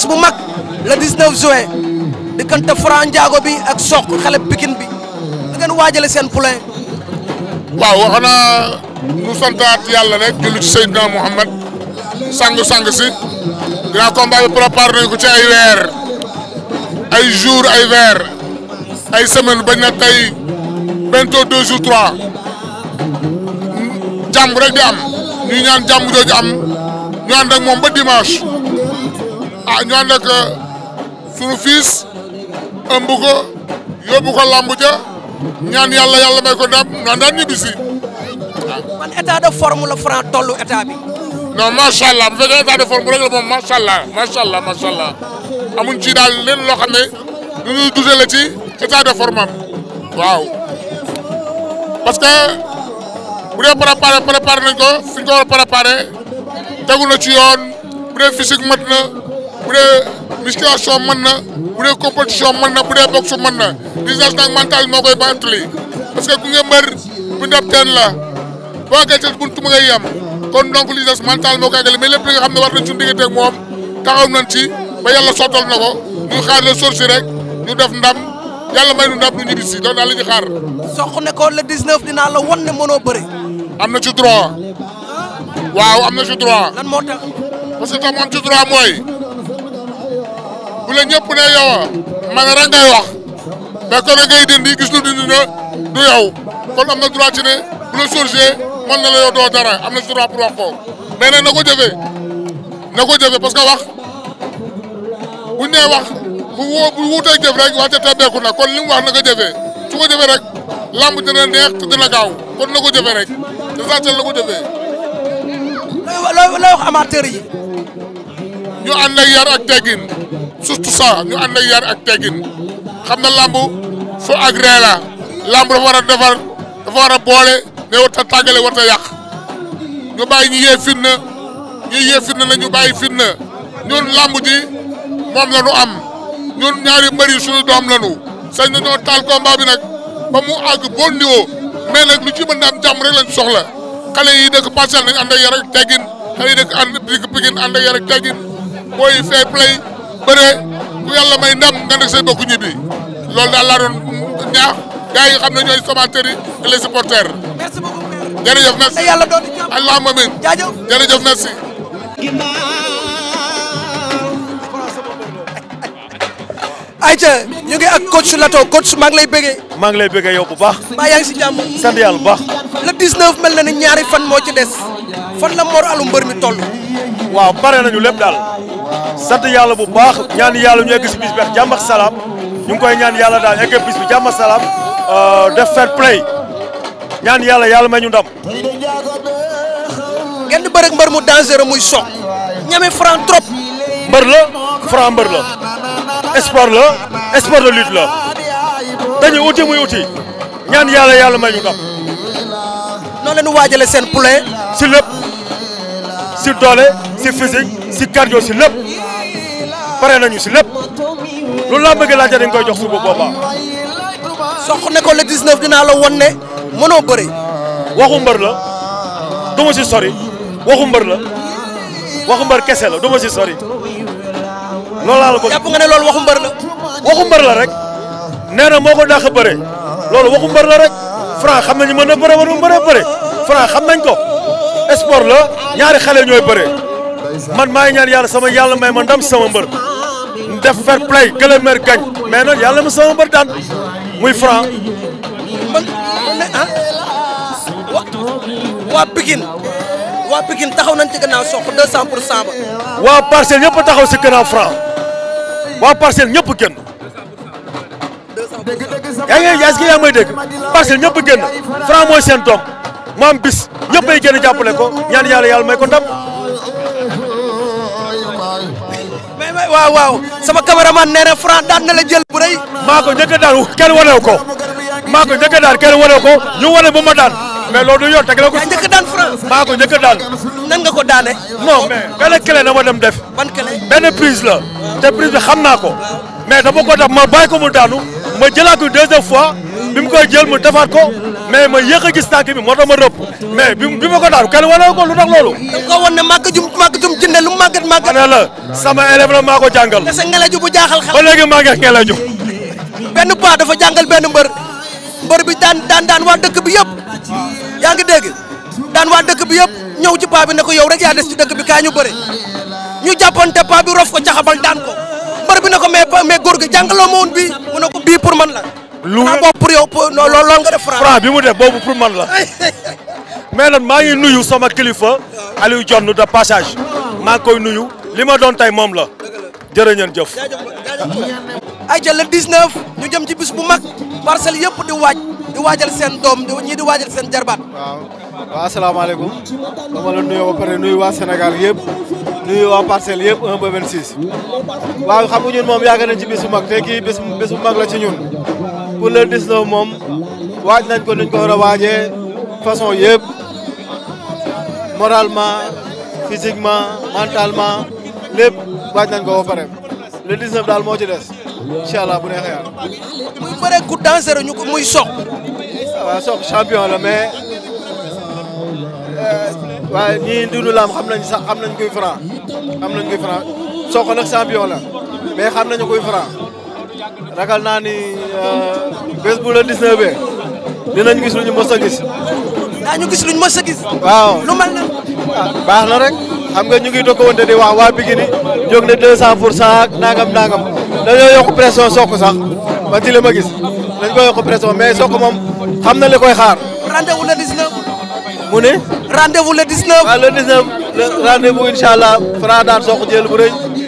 bés bu mag le 19 juin diggante Franc Ndiago bi ak Sokh xale Pikine bi da ngeen waajale seen poulain. waaw wax naa yàlla santaat yàlla rek julli ci Seydina Mouhamad sang-sang si grand combat bi préparé nañ ko ci ay weer ay jour ay weer ay semaine bañ na tey bientôt deux jours trois jàmm rek di am ñuy ñaan jàmm jooju am ñu ànd moom ba dimanche. ah ñu ànd ak euh, sunu fils ëmb ko ñaan yàlla yàlla may ko ndam naan daan ñibbi si. man de forme la tollu état bi. non macha allah bu fekkee de forme rek la moom macha allah macha allah macha allah amuñ de forme waaw parce que bu dee préparé préparé nañ ko fi ñu ko war a préparé tegu na ci yoon bu dee physique bu dee musculation mën na bu dee compétition mën na bu dee boxe mën na business nag moo koy battali parce que mbër bu ndab teen la boo àggee ca buntu mu ngay yem kon donc li des mental moo koy àggale mais lépp li war nañ suñu diggante ak moom taxaw nañ ci ba yàlla sottal na ko ñu xaar la sorsi rek ñu def ndam yàlla may nu ndam ñu ñibbi si loolu daal la ñuy ne ko le 19 dinaa la wan ne mënoo bëri. am na ci droit ah. waaw am na ci droit. moo tax. parce tam am ci bu la ñëpp ne yow ah, ma nga wax mais kon nag ngay dindi gis lu dindi na du yow kon am na droit ci ne bu la sorgee mën na la doo dara am na droit pour wax ko mais nag na ko jëfee na ko parce que wax bu ñu nee wax bu wuutee jëf rek wax dëgg tebbeeku kon li mu wax na ko jëfee su rek lamb dina neex dina gaaw kon na ko rek te sàccal na ko wax amateur yi. ñu ànd ak yar ak teggin. c'est tout ça ñu ànd ak yar ak teggin xam na lamb fo ak la lamb dafa war a defar dafa war a boole ne war ta tàggale war ta yàq ñu bàyyi ñu yee fitna ñu yee fitna na ñu bàyyi fitna ñun lamb ji moom la am ñun ñaari mbër yi suñu doom la sañ na ñoo taal combat bi nag ba mu àgg bon niveau mais nag lu ci mën am jàmm rek lañ soxla xale yi dëkk parcelle nañ ànd ak yar ak teggin xale yi dëkk ànd dëkk Pikine yar ak teggin booy fair play bëre ku yàlla may ndam nga nekk say bokku ñibbi loolu daal laa doon ñaax gars yi xam ne ñooy somateur yi et les supporters. merci beaucoup Père. jërëjëf merci te yàlla doon na allahumma amiin jaajëf jërëjëf merci. Aïcha ñu ngi ak coach Lato coach maa ngi lay bëggee. maa ngi lay bëggee yow bu baax. mbaa yaa ngi si jàmm. sant yàlla bu baax. le 19 mel na ni ñaari fan moo ci des fan la Mor Alou mbër mi toll. waaw pare nañu lépp daal. sant yàlla bu baax ñaan yàlla ñu egg si bis bi ñu ngi koy ñaan yàlla daal egg bis bi jàmm ak salaam euh, ñaan yàlla yàlla may ñu ndam. ngeen di bëreeg mbër mu dangereux muy Sokh ñeme Franc trop. mbër la Franc mbër la sport la sport de lutte la dañuy uti muy uti ñaan yàlla yàlla may ndam. noonu la ñu waajalee seen poulain. si lépp si doole. si physique si cardio si lépp pare nañu si lépp loolu laa bëgg laajte dañ koy jox suba boobaa. sox ne ko le 19 dinaa la won ne mënoo bëri. waxu mbër la du ma si sori waxu mbër la waxu mbër kese la du ma si sori loolu laa la bëgg. rek nee na moo ko dàq a bëre loolu waxu mbër la rek Franc xam nañu mën na bëre wala mu bëre Franc xam nañ ko sport la ñaari xale ñooy bëre. man maa ngi ñaan yàlla sama yàlla may ma ndam sama mbër def fair play que le maire gagne yàlla ma sama mbër daan muy franc man ah wa waa Pikine waa Pikine taxaw nañ ci gannaaw soq 200 pour cent waa parcelle ñëpp taxaw si gannaaw franc waa parcelle ñëpp génn. yaa ngi est-ce que yaa may dégg parcelle ñëpp génn franc mooy seen doom mu am bis ñëpp ay génn jàppale ko ñaan yàlla yàlla may ko ndam. mais mais waaw waaw sama cameraman nee na Franc daan na la jël bu maa ko njëkk a daan kenn wanew ko maa ko njëkk a daan kenn wanew ko ñu wane bu ma daan mais loolu du yoon teg la ko. maa njëkk a daan Franc maa ko njëkk a daan. nan nga ko daane. non mais benn clé na ma dem def. ban prise la. te prise bi xam naa ko. mais dama ko def ma bàyyi ko mu daanu ma jëlaat ko fois bi mu koy jël mu defaat ko. mais ma yéex a gis tànk bi moo tax a rëpp mais bi bi ma ko daal kenn wane ko lu tax loolu. da nga ko wan ne jum màgg jum jënde lu màggat màggat. ma ko jàngal. te sa ngelaju bu ba léegi maa ngi ngelaju. benn paa dafa jàngal benn mbër mbër bi daan daan daan waa dëkk bi yëpp yaa ngi dégg daan waa dëkk bi yëpp ñëw ci paa bi ne ko yow rek yaa des ci dëkk bi kaa ñu bëre ñu jàppante paa bi rof ko caxabal daan ko mbër bi ne ko mais mais góor gi jàngaloo ma woon na mu ne ko bii pour man la lu boobu pour yow nga def Franc bi mu def boobu pour man la mais nag maa ngi nuyu sama kilifa Aliou Dione de passage maa koy nuyu li ma doon tey moom la jërë ngeen jëf. ay jël le 19 ñu jëm ci bis bu mag parcelles yëpp di waaj di waajal seen doom di di waajal seen jarbaat. waaw waaw asalaamaaleykum dama la nuyu waa Sénégal yëpp nuyu waa parcelles yëpp 1 waaw xam nga ñun moom yàgg nañ ci bis bu mag te kii bis bu mag la ci ñun. pour le 19 moom waaj nañ ko nañ ko war a waajee façon yëpp moralement physiquement mentalement lépp waaj nañ ko ba pare le daal moo ci des incha allah bu neexee yàlla. muy bëre ku danseur ko muy soq. waaw soq champion mais euh, waaye ñii dundu xam nañ sax xam nañ kuy franc xam nañ kuy franc soq xam nañu kuy franc. ragal naa ni euh, bés bu la 19 dinañ gis lu ñu mës a gis. daañu ah, gis lu ñu mës gis. waaw na. Ah, baax na rek xam nga ñu ngi dokkawante di wax waa Pikine jóg na 200 pour cent ak nangam nangam dañoo yokk pression Sokh sax ba ci ma gis dañ koy yokk pression mais Sokh moom xam na li koy xaar. rendez-vous le 19. mu ne. rendez-vous le 19. waaw le incha allah Fra daan Sokh jël bu rëy.